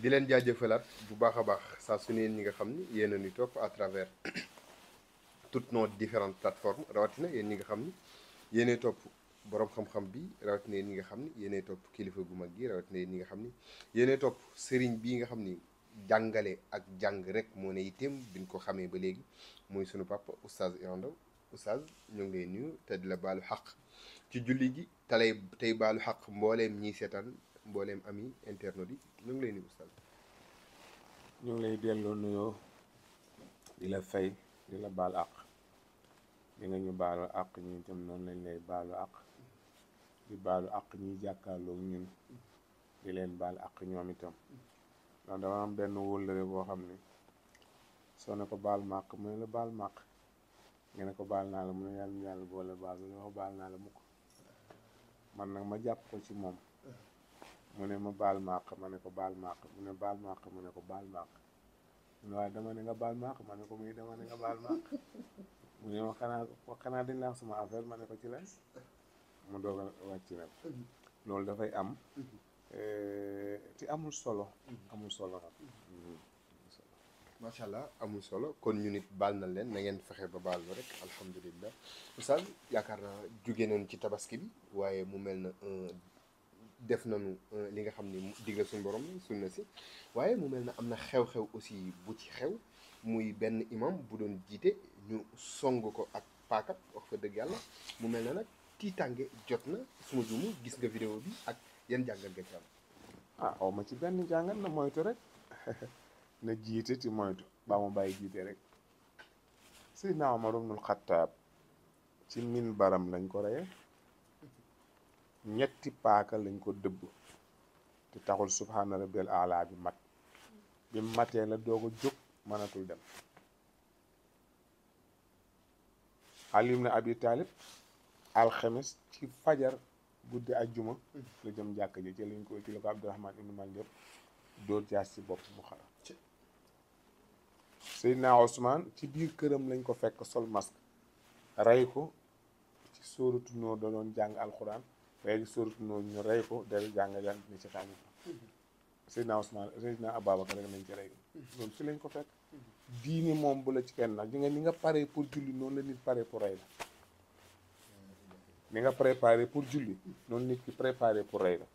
di leen jaajëfalaat bu baax a baax saa su neen ñi nga xam ni yéen a ñu topp à travers toutes nos différentes plateformes rawatina yéen ñi nga xam ni yéenay topp borom xam bi rawatina yéen nga xam ni yéenay topp kilifa gu mag gi rawatina yéen ñi nga xam ni yéenay topp sëriñ bi nga xam ni jàngale ak jàng rek moo ne itam biñ ko xamee ba léegi mooy sunu papa oustaz Iran Ndao oustaz ñu ngi lay nuyu te di la baalu xaq ci julli gi talay tey baalu xaq mbooleem ñi seetaan. mbooleem ami internet yi ñu ngi lay nuyu lay delloo nuyoo di la fay di la baal àq di nga ñu baalu àq ñun itam noonu lañ lay baalu àq di baalu àq ñuy jàkkaarloo ñun di leen baal àq ñoom itam ndax dama am benn wóllëre boo xam ne soo ne ko baal màq mu ne la baal màq nga ne ko baal naa la mu ne yàlla yàlla boole baal mu ne ko baal naa la mukk man nag ma jàpp ko ci moom mu ne ma baal maaq ma ne ko baal maaq mu ne baal maaq ma ne ko baal maaq mu ne waaye dama ne nga baal maaq ma ne ko muy dama ne nga baal maaq mu ne ma xanaa di dañ la sama affaire ma ne ko ci lan mu doog a wàcc nag loolu dafay am eh, te amul solo amul solo nag mm-hmm. macha allah amul solo kon ñu nit baal na leen na ngeen fexe ba baal ba rek alhamdulilah oustaz yaakaar naa jóge nañu ci tabaski waaye mu mel na def nañu euh, li nga xam ni digle suñu borom sunna si waaye mu mel na am na xew-xew aussi bu ci xew muy benn imam bu doon jiite ñu song ko ak paakat wax fa dëgg yàlla mu mel na nag tiitange jot na suma juumu gis nga vidéo bi ak yan jàngal nga ci am ah aw ma ci benn jàngal na moytu rek na jiite ci moytu baa mu bàyyi jiite rek Seydina Omar ibnul Xattaab ci min baram lañ ko reye ñetti paaka lañ ko dëbb te taxul subhaana rabbil ala bi mat bi matee la doog a jóg mënatul dem Ali ibn Abi Talib alxemes ci fajar guddi ajjuma la jëm jàkk ji ci lañ ko ci la ko Abdurahman ibn jaas ci bopp mu xara Seydina Ousmane ci biir këram lañ ko fekk sol masque rey ko ci sóoratu Nóor da doon jàng alxuraan léegi surtout noonu ñu rey ko jàng jàng ni ci xaaju Seydina Ousmane Seydina Ababacar ci lañ ko fekk diine moom bu la ci kenn nag di nga ni nga paree pour julli noonu la nit paree pour rey nga préparé pour julli noonu nit ki préparé pour rey la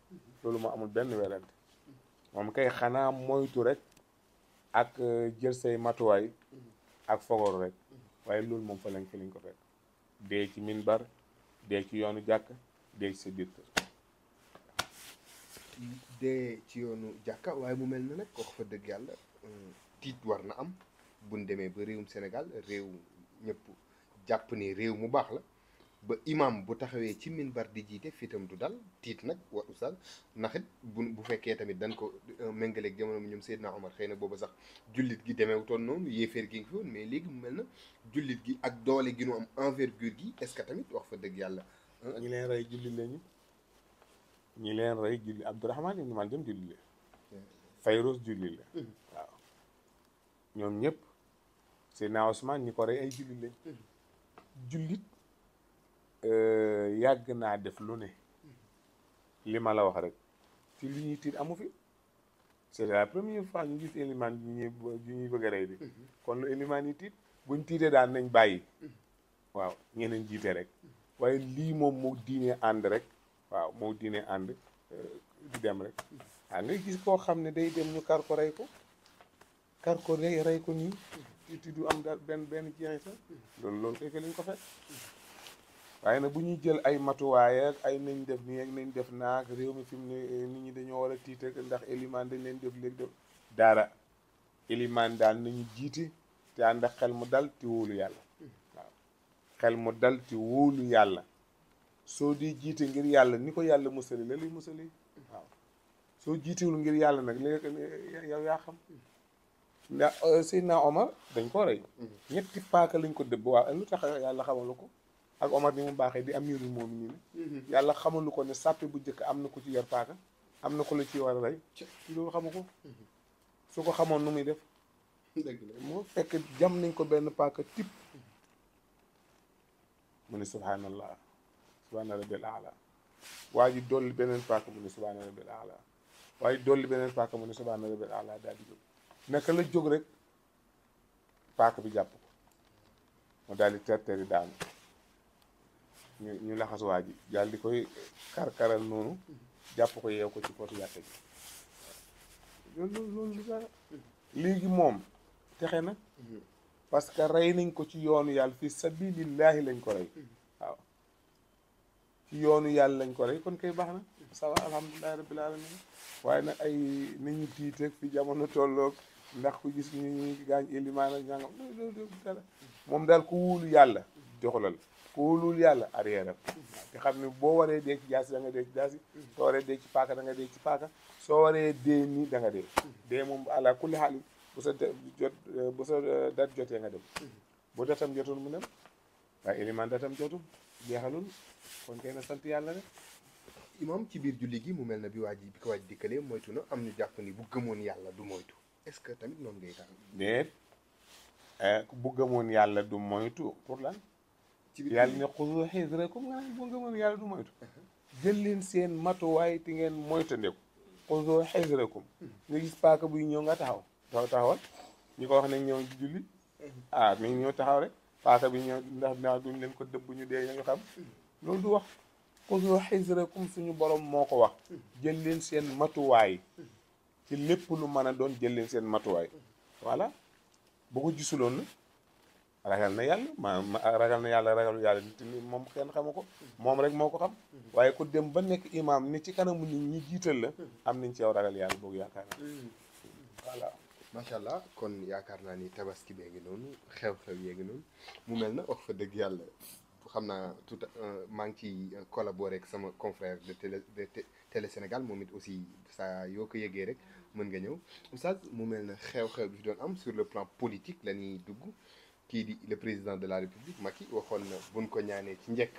loolu moo amul benn werante moom kay xanaa moytu rek ak euh, jël say matuwaay ak fogoru rek waaye loolu moom fa lañ fi lañ ko fekk dee ci min minbar dee ci yoonu jàkk dee sa ci yoonu jàkka waaye mu mel na nag wax fa dëgg yàlla euh, tiit war na am buñ demee ba réewum Sénégal réew ñëpp jàpp ni réew mu baax la ba imam bu taxawee ci min minbar di jiite fitam du dal tiit nag wa oustaz ndax it bu bu fekkee tamit dañ ko euh, méngaleeg jamono bi ñoom Seydina Omar xëy na boobu sax jullit gi demeewutoon noonu yéeféer gi nga fi woon mais léegi mu mel na jullit gi ak doole gi nu am envergure gi est-ce que tamit wax fa dëgg yàlla ñi leen rey julli lañu ñi leen rey julli Abdourahman ibn Maljam julli la Fayrouz julli la ñoom ñëpp Seydina Ousmane ñi ko rey ay julli lañ jullit euh, yàgg naa def lu ne li la wax rek ci li ñuy tiit amu fi c'est la première fois ñu gis élimaan ñu ñuy ñu ñuy bëgg a rey di mm-hmm. kon lu élimaan yi tiit buñ tiitee daan nañ bàyyi mm-hmm. waaw ñeneen jiite rek waaye lii moom moo diinee ànd rek waaw moo diinee ànd euh, dem rek ah nga gis koo xam ne day dem ñu kar ko rey ko kar ko rey rey ko nii ti du am daal benn benn jeexital loolu loolu lañ ko fekk waaye nag bu ñuy jël ay matuwaay ak ay nañ def nii ak def naag réew mi fi mu ne eh, nit ñi dañoo a tiit ak ndax élimaan dañ leen def léegi def daara daal nañu jiite te ànd xel mu dal te wóolu yàlla xel mu dal ci wóolu yàlla soo di jiitee ngir yàlla ni ko yàlla musali la luy musali waaw soo jiitewul ngir yàlla nag léegi yow yaa xam ndax euh, Seydina Omar dañ ko rey ñetti paaka lañ ko dëbb waaw lu tax yàlla xamalu ko ak Omar ni mu baaxee di amirul mu'minin yàlla xamalu ko ne sàppe bu njëkk am na ko ci yor paaka am na ko la ci war a rey loolu xamu ko su ko xamoon nu muy def mu fekk jam nañ ko benn paaka tip mu ne subhaanallah subhaana rabbil waa ji dolli beneen paaka mu ne subhaana rabbil ala waaye dolli beneen paaka mu ne subhaana rabbil ala jóg naka la jóg rek paaka bi jàpp ko moo daal di terteri daanu ñu ñu laxas waa ji daal di koy karkaral noonu jàpp ko yeew ko ci kootu yàtte ji léegi moom texe na parce que rey nañ ko ci yoonu yàlla fi sabilillahi lañ ko rey ci yoonu yàlla lañ ko rey kon kay baax na ça va alhamdulilahi rabbil waaye nag ay nit ñu tiiteeg fi jamono tolloog ndax ku gis ñu ñu gaañ élimaan ak ñangam dara moom daal ku wóolu yàlla doxalal ku wóolul yàlla arrière xam ne boo waree dee ci jaasi da nga dee ci jaasi paaka da nga dee ci paaka soo waree dee nii da dee dee moom ala kulli xaalis bu sa jot eh, bu sa eh, date jotee nga dem mhm. bu datam jotul mu dem waaye élément datam jotul jeexalul kon kay na sant yàlla rek moom ci biir julli gi mu mel na bi waa ji bi ko waaj dikkalee moytu na am nu jàpp ni bu gëmoon yàlla du moytu est-ce que tamit noonu ngay tax déet eh, bu yàlla du moytu pour lan ci biir yàlla ne xuzu xisrakum nga yàlla du moytu uh-huh. jël leen seen matuwaay ti ngeen moytandeku mm-hmm. xuzu xisrakum mm-hmm. nga gis paaka buy ñëw nga taxaw taxaw taxawal ñu ko wax ne ñëw julli mm-hmm. ah mi ngi ñëw taxaw rek paaka bi ñëw ndax naa duñ leen ko dëbb ñu dee ñu xam mm-hmm. loolu du wax xuzu xisrakum suñu borom moo ko wax mm-hmm. jël leen seen matuwaay ci lépp lu mën a doon jël leen seen matuwaay voilà bu ko gisuloon na ragal na yàlla ma ragal na yàlla ragal yàlla nit ñi moom kenn xamu ko moom rek moo ko xam waaye ko dem ba nekk imaam ni ci kanamu nit ñi jiital la am nañ ci yow ragal yàlla boobu yaakaar naa voilà macha allah kon yaakaar naa ni tabaski bee ngi noonu xew-xew yee ngi noonu mu mel na wax fa dëgg yàlla xam naa tout euh, maa ngi ciy euh, collaboré ak sama confrère de télé de télé Sénégal moom it aussi saa yoo ko yëgee rek mën nga ñëw oustaz mu mel na xew-xew bi fi doon am sur le plan politique la dugg kii di le président de la république Macky waxoon na buñ ko ñaanee ci njekk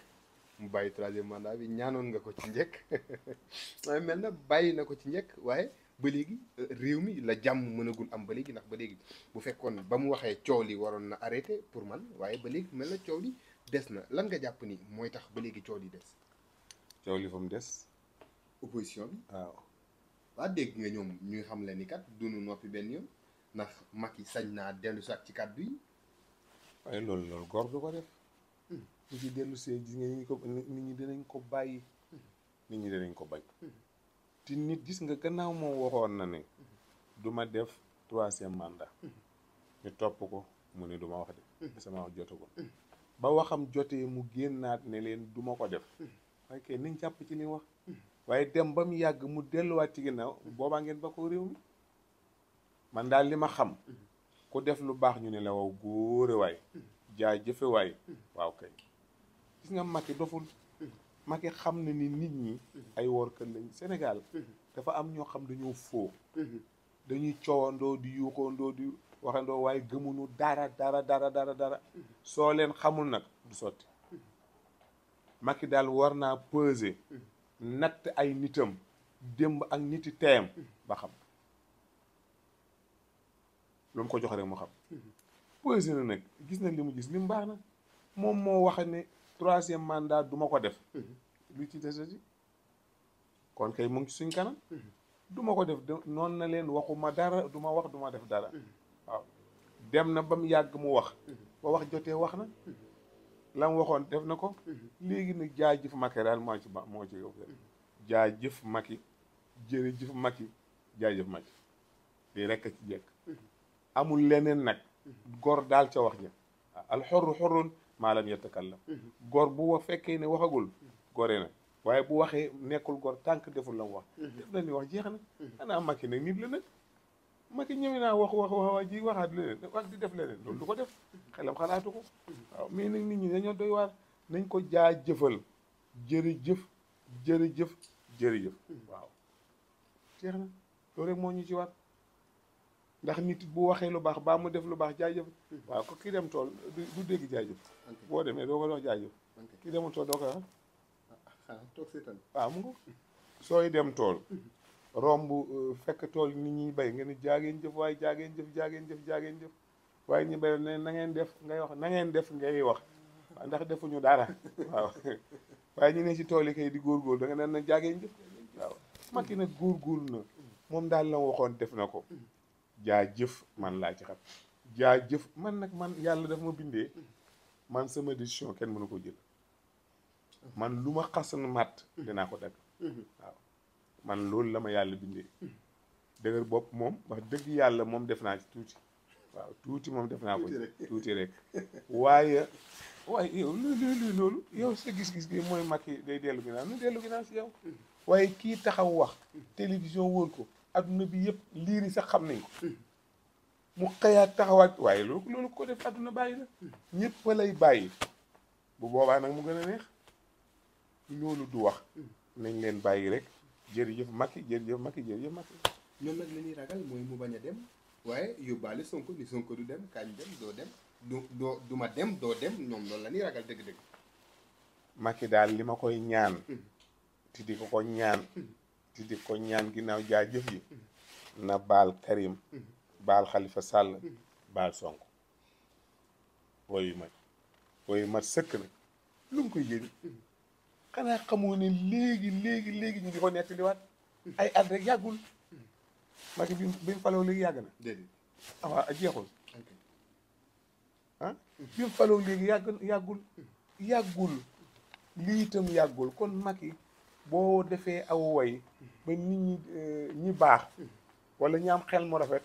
mu bàyyi troisième mandat bi ñaanoon nga ko ci njëkk waaye mel na bàyyi na ko ci njëkk waaye. ba léegi euh, réew mi la jàmm mënagul am ba léegi ndax ba léegi bu fekkoon ba mu waxee coow li waroon na arrêté pour man waaye ba léegi mel na coow li des na lan nga jàpp ni mooy tax ba léegi coow li des. coow li fa mu des. opposition bi waaw. dégg nga ñoom ñuy xam leen ni kat dunu noppi benn yoon ndax yi sañ naa dellu saat ci kàddu yi. waaye loolu loolu góor du ko def. Hmm. nit ñi dinañ ko bàyyi. Hmm. nit ñi dinañ ko bañ. Hmm. te nit gis nga gannaaw moom waxoon na ne du ma def troisième mandat ñu topp ko mu ne du ma wax de jotu ko ba waxam jotee mu génn génnaat ne leen duma ko def waaye kay nañ jàpp ci li wax waaye dem ba mu yàgg mu delluwaat ci ginnaaw boobaa ngeen ba ko réew mi man daal li ma xam ku def lu baax ñu ne la waw góore waay jaajëfe waay waaw kay gis nga Macky doful Macky xam na ni nit ñi mhm. ay workat lañ Sénégal mhm. dafa am ñoo xam dañoo foo mhm. dañuy coowandoo di yuuxoondoo di waxandoo waaye gëmuñu dara dara dara dara soo leen xamul nag du sotti Macky daal war naa peser natt ay nitam démb ak niti teem ba xam lu mu ko jox rek mu xam peser na nag gis na li mu gis li mu baax na moom moo wax ne troisième mandat duma ko def mhm. lu ci desati kon kay mu ngi suñ kanam mhm. du ko def noon na leen waxuma dara duma wax du def dara mhm. dem na ba mu yàgg mu wax ba wax jotee wax na lam waxoon def na ko léegi nag jaajëf Macky daal moo ci ba moo ci yow jaajëf Macky jërëjëf Macky jaajëf Macky lii rekk ci jekk amul leneen nag góor daal ca wax ja alxorru xorroon maalam yatakallam mm-hmm. gor bu fekkee ne waxagul mm-hmm. gore na waaye bu waxee nekkul gor tànk deful la mu wax mm-hmm. def na ni wax jeex na ana makki nag nit la nag Macky ñëwee naa wax wax wax ji waxaat leneen wax di def leneen loolu du ko def xelam xalaatu ko waaw nag nit ñi dañoo doy waar nañ ko jaajëfal jërëjëf jërëjëf jërëjëf waaw jeex na loolu rek moo ñu ci war ndax nit bu waxee lu baax baa mu def lu baax jaajëf waaw ko kii dem tool du dégg jaajëf boo demee doo ko dox jaajëf kii demul tool doo ko ah, ah, ah toog seetaan waaw ah, mu ngo sooy dem tool romb euh, fekk tool bay nga ne jaageen jëf waaye jaageen jëf jaageen jëf jaageen jëf waaye ñu bay ne na ngeen def ngay wax na def ngay wax ndax defuñu dara waaw waaye ñu ne ci tool yi kay di góorgóorlu da nga naan na jaageen jëf waaw nag góorgóorlu na moom daal la waxoon def na ko jaa jëf man laa ci xam jaa jëf man nag man yàlla daf ma bindee man sama décision kenn mënu koo jël man lu ma xasan matt dinaa ko dagg waaw man loolu la ma yàlla bindee dëgër bopp moom wax dëgg yàlla moom def naa ci tuuti waaw tuuti moom def naa ko tuuti rek waaye waaye yow luy luy loolu yow sa gis-gis gi mooy Macky day dellu ginnaaw nu dellu ginnaaw si yow mm-hmm. waaye kii taxaw wax télévision wóor ko adduna bi yëpp liir yi sax xam nañ ko mu xëyaat taxawaat waaye loolu loolu ko def adduna bàyyi na ñëpp lay bàyyi bu boobaa nag mu gën a neex loolu du wax nañ leen bàyyi rek jërëjëf Macky jërëjëf Macky jërëjëf Macky ñoom lañ la ñuy ragal mooy mu bañ a dem waaye yóbbaale Sonko ni du dem kañ dem doo dem du du ma dem doo dem ñoom la ñuy ragal dëgg-dëgg Macky daal li ma koy ñaan hmm. te di ko ko ñaan hmm. te ko ñaan ginnaaw jaajëf yi na baal Karim baal Khalifa Sall baal Sonko wooyu mat wooyu mat sëkk na lu mu koy jëriñ xanaa xamoo ne léegi léegi léegi ñu di ko nettaliwaat ay at rek yàggul Macky bi bi faloo léegi yàgg na ah, ah, yàggul yàggul lii yàggul kon Macky boo defee aw way ba nit ñi euh, ñi baax wala ñi am xel mu rafet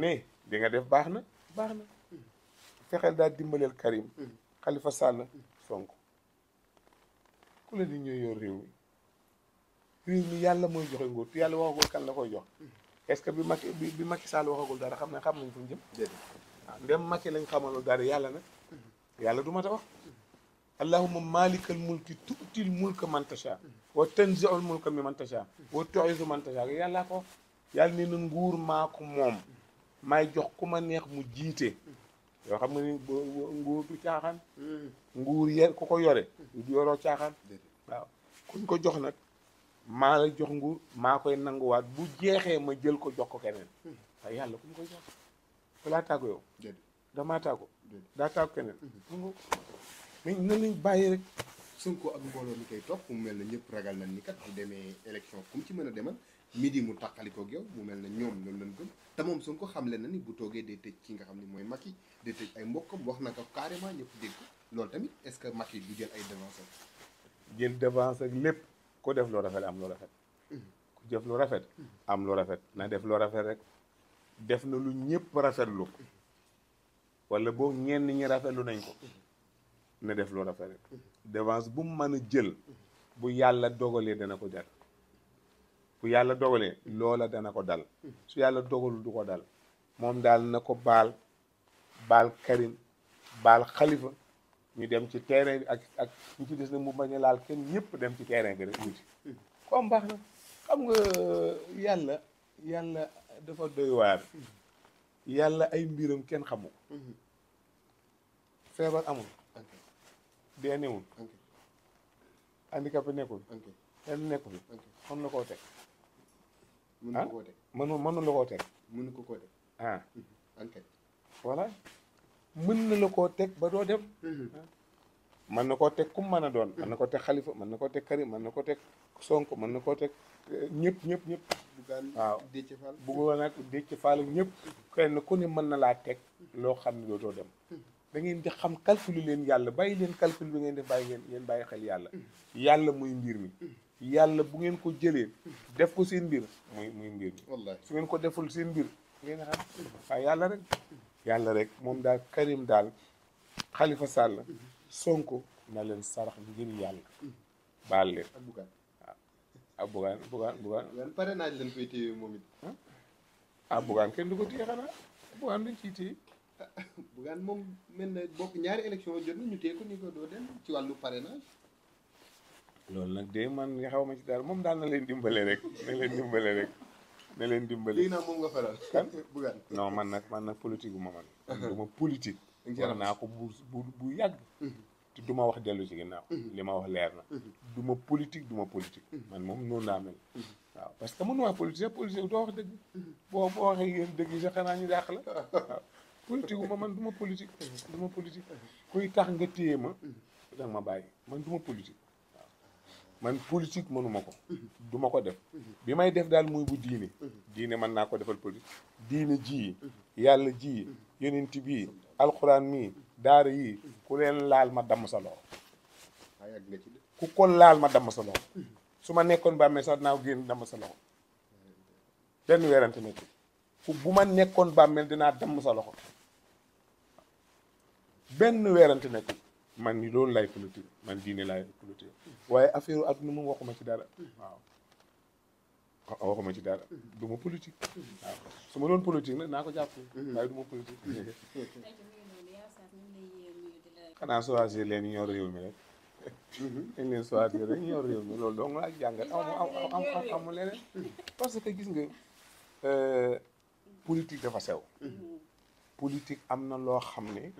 ne di nga def baax na baax na fexeel daal dimbaleel Karim xalifa Sall sonk ku la di ñooy yor réew mi réew mi yàlla mooy joxe nguur te yàlla waxagul kan la koy jox est-ce que bi Macky bi Macky Sall waxagul dara xam ne xam nañ fu ñu jëm waaw ah, lañ xamaloo daal yàlla nag yàlla du wax allahuma malikal mulki tuutil mulka man tasha wa tanziul mulka mi man tasha wa tuizu man tasha yàlla ko yàlla ne nguur maa ko moom may jox ku ma neex mu jiite yoo xam nga ni nguur du caaxaan ku ko yore du yoroo caaxaan kuñ ko jox nag maa jox nguur maa koy nanguwaat bu jeexee ma jël ko jox ko keneen waaye yàlla kuñ ko mais nan lañ bàyyi rek Sonko ak mbooloo mi koy topp mu mel na ñëpp ragal nañ ni kat bu demee élection kum ci mën a demal midi mu tàqalikoo ak yow mu mel na ñoom loolu lañ gëm te moom Sonko xam leen na ni bu toogee day tëj ci nga xam ni mooy Macky day tëj ay mbokkam wax na ko carrément ñëpp dégg loolu tamit est-ce que Macky du jël ay devance ak jël devance ak lépp ku def lu rafet am lu rafet ku def lu rafet am lu rafet na def lu rafet rek def na lu ñëpp rafetlu wala boo ngeen ñi rafetlu nañ ko na def lu rafet devance bu mu mën a jël bu yàlla dogalee dana ko jal bu yàlla dogalee loola dana ko dal su yàlla dogalul du ko dal moom daal na ko baal baal Karim baal xalifa ñu dem ci terrain bi ak ak ñu ci des na mu bañ laal kenn ñëpp dem ci terrain bi rek wuti comme baax na xam nga yàlla yàlla dafa doy waar yàlla ay mbiram kenn xamu ko mm-hmm. feebar amul dee newul. handicapé nekkul. kenn nekkul. mën na koo teg. mën na ah? koo teg mën mën na koo teg. mën na koo teg ah. Mhm. mën na la koo teg ba doo dem. Mhm. Ah. mën na koo teg ku mu mën a doon. mën na koo teg xalifa mën na koo teg Karim mën na koo teg Sonko mën na koo teg eh, ñëpp ñëpp ñëpp. waaw bëggoon naa ko Déthié Fall ak ñëpp. kenn ku ne mën na laa teg loo xam ne dootoo dem. Mhm. da ngeen di xam calculer leen yàlla bàyyi leen calcul bi ngeen def bàyyi ngeen ngeen bàyyi xel yàlla mm. yàlla muy mbir mi mm. yàlla bu ngeen ko jëlee def ko seen mbir muy muy mbir mi wallaay su ngeen ko deful seen mbir ngeen xam mm. waaye yàlla rek yàlla rek moom daal Karim daal Khalifa Sall Sonko na leen sarax ngir yàlla baal leen ah bugaan bugaan bugaan pare naaj leen koy téye moom it ah bugaan kenn du ko téye xanaa bugaan duñ ciy téye Bougane moom mel na bokk ñaari élection jot na ñu téye ko ni ko doo dem ci wàllu parrainage. loolu nag de man nga xaw ma ci dara moom daal na leen dimbale rek na leen dimbale rek na leen dimbale. léegi na moom nga faral kan Bougane. non man nag man nag politique gu ma man. du ma politique. naa ko bu bu bu yàgg. Mm-hmm. te du ma wax dellu ci ginnaaw. Mm-hmm. li ma wax leer na. Mm-hmm. du ma politique du ma politique. man moom noonu laa mel. waaw parce que mënuma politique politique doo wax dëgg. boo boo waxee yéen dëgg yi sax ñu dàq la politique ma man du ma politique du ma politique kuy tax nga téye ma danga ma bàyyi man du ma politique waaw man politique mënuma ko duma ko def bi may def daal muy bu diine diine mën naa ko defal politique diine ji yàlla ji yonent bi alxuraan mi daara yi ku leen laal ma damm sa loxo ku ko laal ma damm sa loxo su ma nekkoon bàmmeel sax dinaa génn damm sa loxo benn weerante nekk ku bu ma nekkoon bàmmeel dinaa damm sa loxo benn weerante nekk man ni loolu lay clôture man diine laay clôture waaye affaire adduna moom waxuma ci dara waaw waxuma ci dara du ma politique su ma doon politique naa ko jàpp waaye du ma politique mm-hmm. xanaa choisir leen ñor réew mi rek mm-hmm. dañ leen choisir rek ñor réew mi loolu doom laa jàngal am amu leneen parce que gis nga euh, politique dafa sew mm-hmm. politique am na loo xam ne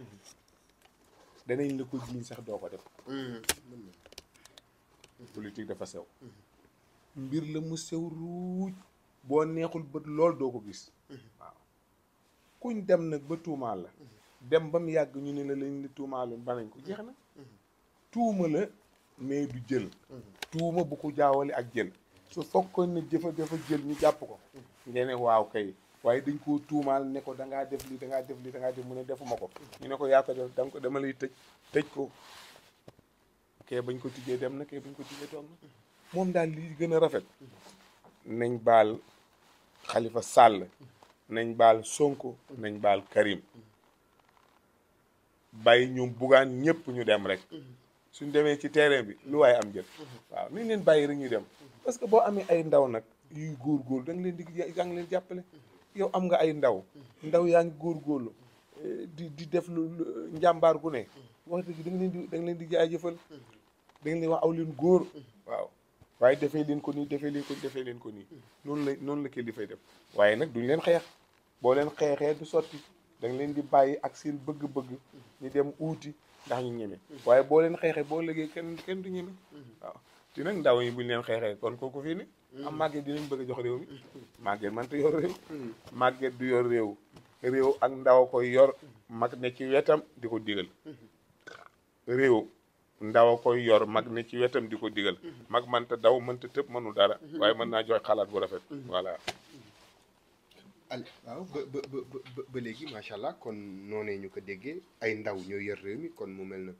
danañ la ko jiiñ sax doo ko def mm-hmm. Mm-hmm. politique dafa sew mm-hmm. mbir la mu sew ruuj boo neexul bët lool doo ko gis waaw kuñ dem nag ba tuumaal la dem ba mu yàgg ñu ne la lañ la tuumaaloon ba nañ ko jeex na tuuma la mais du jël tuuma bu ko jaawale ak jël su fekkoon ne jëfa dafa jël ñu jàpp ko ñu waaw kay waaye dañ koo tuumaal ne ko da ngaa def lii da ngaa def lii da def mu ne defuma ko ñu ne ko yaa ko def danga ko dama lay tëj tëj ko kee bañ ko tijjee dem na kee bañ ko tijjee toog na moom daal li gën a rafet nañ baal Khalifa sàll nañ baal Sonko nañ baal Karim bàyyi ñoom bugaan ñëpp ñu dem rek suñ demee ci terrain bi lu waaye am jël waaw niñ leen bàyyi rek ñu dem parce que boo amee ay ndaw nag yuy góor da nga leen di da jàppale yow am nga ay ndaw ndaw yaa ngi góorgóorlu di di def lu njàmbaar gu ne wax dëgg leen di da nga leen leen wax aw leen góor waaw waaye defee leen ko nii defee leen ko leen ko nii noonu la noonu la kilifay def waaye nag duñ leen xeex boo leen xeexee du sotti da leen di bàyyi ak seen bëgg-bëgg ñu dem uuti ndax ñu ñeme waaye boo leen xeexee boo légee kenn kenn du ñeme ti nag ndaw yi buñ leen xeexee kon kooku fii ne am màgget dinañ jox réew mi man te yor réew màgget du yor réew réew ak ndaw koy yor mag ne ci wetam di ko digal réew ndaw koy yor mag ne ci wetam di ko digal mag mënta daw mënta tëb mënu dara waaye mën naa joxe xalaat bu rafet voilà al waaw ba ba ba léegi macha allah kon noonee ñu ko déggee ay ndaw ñoo yor réew mi kon mu mel na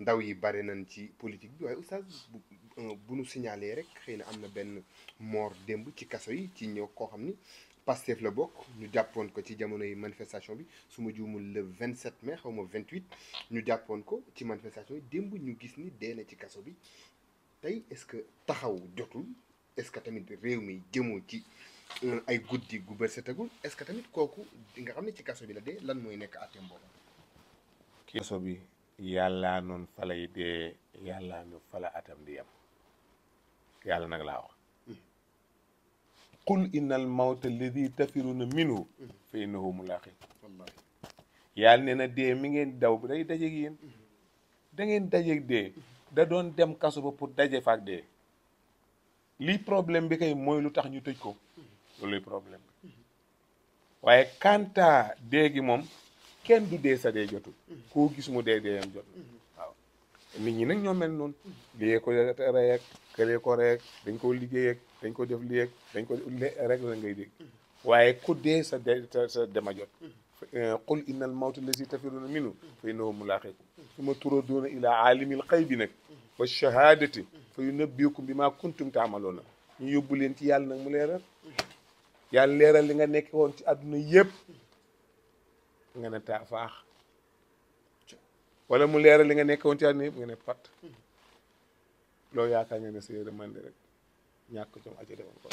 ndaw yi bare nañ ci politique bi waaye oustaz Euh, bu nu signalé rek xëy na am na benn moor démb ci kaso yi ci ñëw koo xam ni Pastef la bokk ñu jàppoon ko ci jamono yi manifestation bi su ma juumul le 27 mai xaw ma vingt 28 ñu jàppoon ko ci manifestation yi démb ñu gis ni dee na ci kaso bi tey est-ce que taxaw jotul est-ce que tamit réew mi jëmoo ci euh, ay guddi gu bër setagul est-ce que tamit kooku nga xam ne ci kaso bi la dee lan mooy nekk àtte mbooba kaso bi yàllaa noonu falay dee yàllaa ñu fala atam di yam yàlla nag laa wax qul inna al mawta alladi tafiruna minhu fa innahu mulaaqikum yàlla ne na dee mi ngeen daw day dajeeg yéen da ngeen dajeeg dee da doon dem kaso ba pour daje faak dee lii problème bi kay mooy lu tax ñu tëj ko looluy problème bi waaye kanta dee gi moom kenn du dee sa dee jotul koo gis mu dee deeyam jot nit ñi nag ñoo mel noonu liyee ko ko rey dañ ko liggéey dañ ko def lii dañ ko rek la ngay dégg waaye ku dee sa sa dema jot qul inna al mawta allazi tafiruna minhu fa innahu mulaaqikum suma turaduna ila aalimil xaybi nag wa shahadati fa yunabbiukum bima kuntum taamaloona ñu yóbbu leen ci yàlla nag mu leeral yàlla leeral li nga nekk woon ci àdduna yëpp nga ne taa faax wala mu leeral li nga nekkoon ci àdduna yëpp nga ne pat loolu yaakaar nga ne si man de rek ñàkk jom aji demoon ko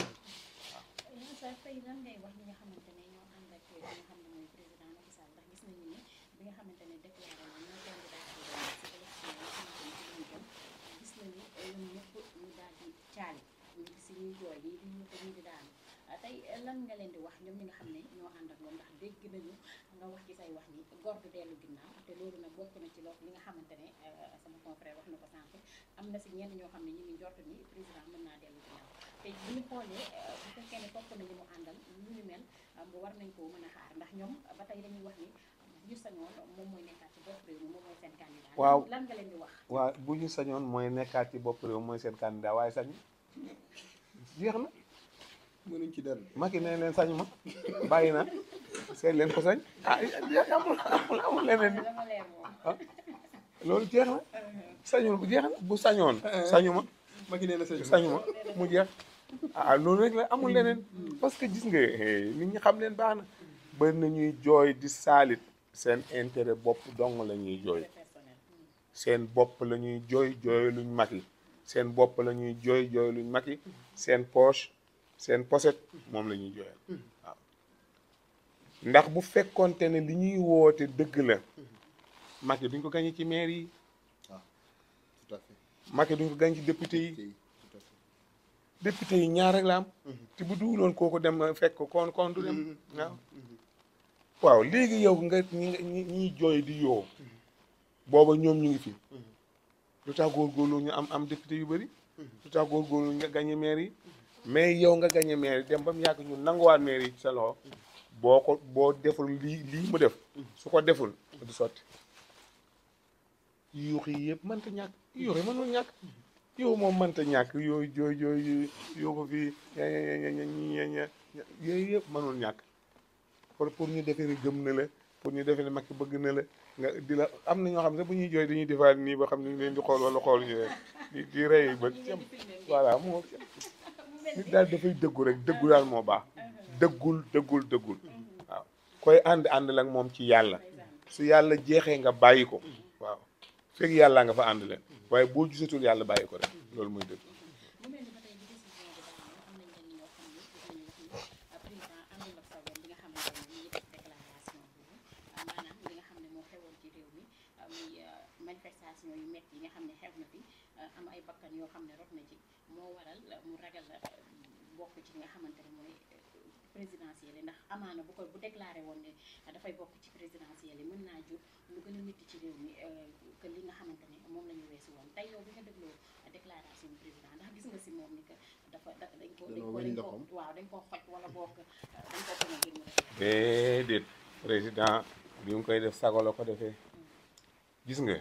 lan nga leen di wax ñoom ñi nga xam ne ñoo ànd ak ndax dégg nañu nga wax ñenn ñoo xam euh, euh, ñu sañoon mooy nekkaat ci bopp mooy seen candidat. waaw lan nga leen bu ñu sañoon mooy nekkaat ci bopp réew mooy seen candidat waaye sañ jeex na. mënuñ nee leen sañ ma bàyyi na seet leen ko sañ ah amul amul amul leneen ah, loolu jeex na. Uh-huh. sañul bu jeex bu sañoon. Eh, eh. sañu ma. ma ngi leen sañu mu jeex. ah loolu rek la amul leneen. Mm. parce que gis nga eh, nit ñu xam leen baax na. bëri na ñuy jooy di saalit. seen intérêt bopp dong la ñuy jooy. seen bopp lañuy jooy jooy luñ mag seen bopp la jooy jooy luñ mag seen poche seen pochette moom la ñuy jooyal. Mm. waaw ndax bu fekkonte ne li ñuy woote dëgg la. mag yi duñ ko gañe ci maire yi. Macky duñ ko gañ ci député yi député yi ñaar rek la am mhm. te bu duwul kooku dem uh, fekk kon kon du dem mhm. Mhm. waaw léegi yow nga ñi jooy di yoo booba ñoom ñu ngi fi lu tax góorgóorlu ñu am am député yu bari lu tax góorgóorlu nga gañe maire yi mais yow nga gañe maire dem ba mu yàgg ñu nanguwaat maire yi sa loxo boo ko boo deful lii lii mu def su ko deful du sotti yuux yi yëpp mënta ñàkk yooyu mënul ñàkk yow moom mënta ñàkk yooyu yooyu yooyu yoo ko fii yooyu yëpp mënul ñàkk pour pour ñu defee ni gëm na la pour ñu defee ni Macky bëgg na la nga di la am na ñoo xam ne bu ñuy jooy dañuy defaat nii ba xam ne ñu leen di xool wala xool ñu leen di di rey ba cëm voilà moo nit daal dafay dëggu rek dëggu daal moo baax dëggul dëggul dëggul waaw koy ànd ànd lak moom ci yàlla su yàlla jeexee nga bàyyi ko waaw fekk yàlla nga fa ànd leen waaye boo gisatul yàlla bàyyi ko rek loolu mooy mi manifestation yu métti yi nga xam ne xew na bi am ay bakkan yoo xam ne rot na ci moo waral mu ragal la bokk ci nga xamante mooy euh, présidentielle ndax amaana bu ko bu déclaré woon ne dafay bokk ci présidentielle yi naa jur lu gën a métti ci réew mi euh, ñu weesu dafa dañ ko xoj wala bokk euh, dañ koo xoj koy def sago la ko defee gis nga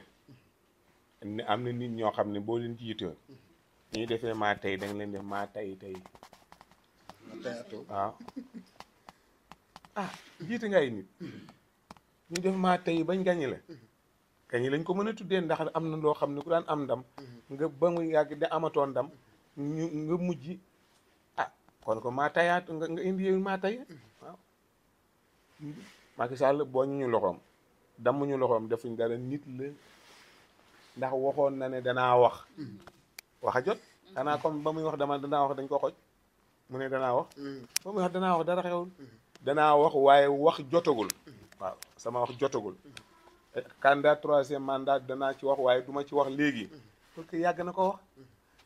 ne am na nit ñoo xam ne boo leen jiitoo ñuy defee maa tey da leen def maa tey tey waaw ah. ah jiite ngay nit ñu def maa tey bañ gañi la gañi lañ ko mën a tuddee ndax am na loo xam ne ku daan am dam nga ba mu yàgg da amatoon dam nga mujj ah kon ko maa tayaat nga nga indi yow maa tay waaw Macky Sall boo ñu ñu loxoom dammuñu loxoom defuñ dara nit la ndax waxoon na ne danaa wax mm-hmm. wax a jot xanaa comme ba muy wax dama danaa wax dañ ko xoj mu ne danaa wax. Mm. ba muy wax danaa wax dara xewul. Mm. danaa wax waaye wax jotagul. waaw sama wax jotagul. candidat troisième mandat danaa ci wax waaye duma ci wax léegi. Mm. parce que yàgg na ko wax.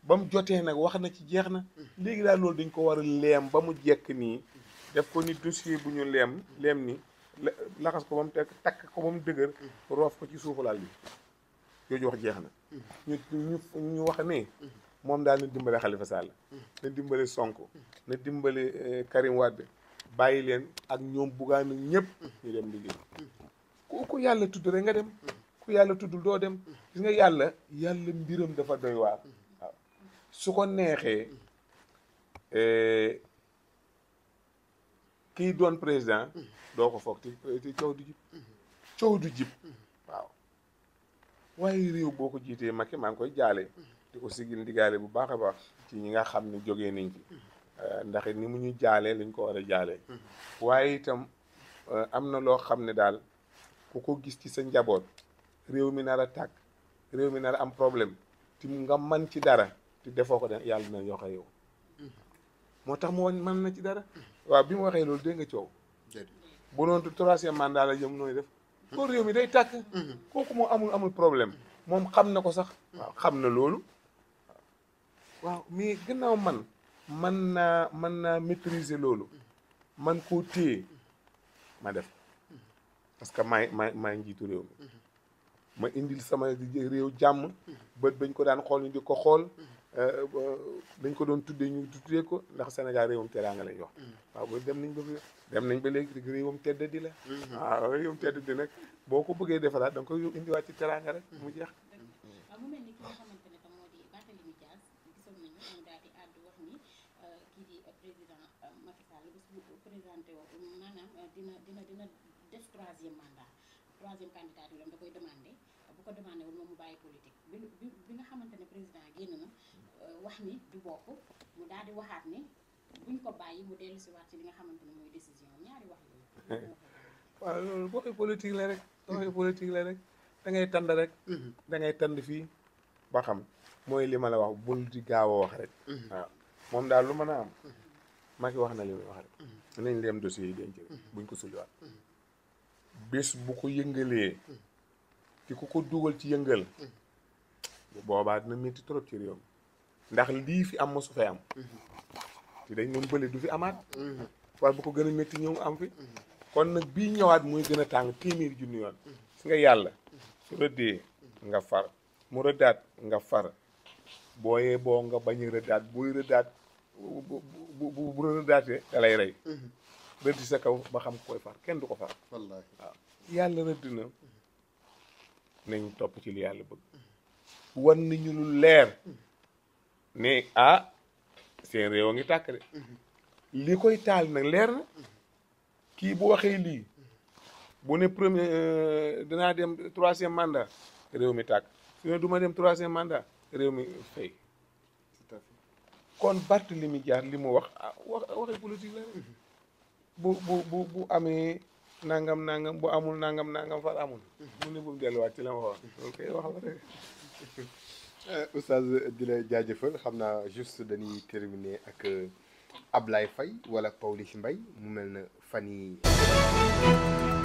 ba mu jotee nag wax na ci jeex na. léegi daal loolu dañ ko war a leem ba mu jekk nii. def ko ni dossier bu ñu leem leem ni la laxas ko ba mu tekk takk ko ba mu dëgër. roof ko ci suufu laal bi jooju wax jeex na. ñu ñu wax ne. moom daal na dimbale Khalifa Sall mm-hmm. na dimbale Sonko na dimbale eh, Karim Wade bàyyi leen ak ñoom bugaanu ñëpp mm-hmm. ñu dem liggéey mm-hmm. ku ku yàlla tudd rek nga dem ku yàlla tuddul doo dem gis nga yàlla yàlla mbiram dafa doy waar su ko neexee eh, kiy doon président doo ko foog ci coow du jib coow du jib waaw waaye réew boo ko jiitee ma Macky maa ngi koy jaale di ko sigil digaale bu baax a baax ci ñi nga xam ne joge nañ fi euh, ndaxit ni mu ñu jaalee lañ ko war a jaalee waaye itam euh, am na loo xam ne daal ku ko gis ci sa njaboot réew mi nar a takk réew mi nar a am problème te mu nga man ci dara te defoo ko da yàlla na yoxe yow moo tax mu mën na ci dara waaw bi mu waxee loolu dégg nga coow bu noonu troisième mandat la jëm nooy def loolu réew mi day tàkk mm-hmm. kooku moo amul amul problème moom xam na ko sax mm-hmm. waaw xam na loolu waaw mais gannaaw man man naa man naa maîtriser loolu man koo téye ma def parce que maay maay maay njiitu réew mi ma indil sama réew jàmm bët bañ ko daan xool ñu di ko xool dañ eh, ko doon tuddee ñu tuddee ko ndax Sénégal réewam teraanga lañ wax waaw ba dem nañ ba dem nañ ba léegi réewam tedd di la mm-hmm. waaw réewam tedd di nag boo ko bëggee defaraat da nga koy indiwaat ci teraanga rek mu jeex dina dina dina def troisième mandat troisième candidature am da koy bu ko demandé wul moom mu bàyyi politique bi nga xamante ne président génn na euh, wax ni du bokk mu daal di waxaat ni buñ ko bàyyi mu dellu si ci li nga xamante ne décision ñaari wax yooyu waaw loolu waxi la rek mm-hmm. waxi politique la rek da ngay tànd rek mm-hmm. da ngay tànd fii ba xam mooy li ma la wax bul di gaaw a wax rek mm-hmm. moom daal lu mën a am i wax na li muy wax rek ci lañ leem dossier yi denc mhm. buñ ko sulliwaat bés bu ko yëngalee mhm. ki ko ko dugal ci yëngal mhm. boobaa na métti trop ci réew ndax lii fi am mosu fay am te dañ doon bële du fi amaat war bu ko gën a métti ñëw am fi kon nag bii ñëwaat mooy gën a tàng téeméeri junni yoon su nga yàlla su rëddee nga far mu rëddaat nga far booyee boo nga bañ a rëddaat booy rëddaat bu bu bu bu doon daatee da lay rey. rëdd mhm. sa kaw ba xam koy far kenn du ko far. wallaahi waaw yàlla rëdd na mhm. nañ topp ci li yàlla bëgg. Mhm. wan nañu lu leer ne ah seen réew a ngi tàkk de. li koy taal nag leer na kii bu waxee lii bu ne premier euh, danaa dem troisième mandat réew mi tàkk su ne du ma dem troisième mandat réew mi fay kon Barthélemy Dias li mu wax ah wax waxi politique bu bu bu amee nangam nangam bu amul nangam nangam far amul. mu ne bul delluwaat ci la ma wax ok wax la rek. Eh, Oustaz di jaajëfal xam naa juste dañuy terminer ak euh, ablaay fay wala Pawlish mbay mu mel na fan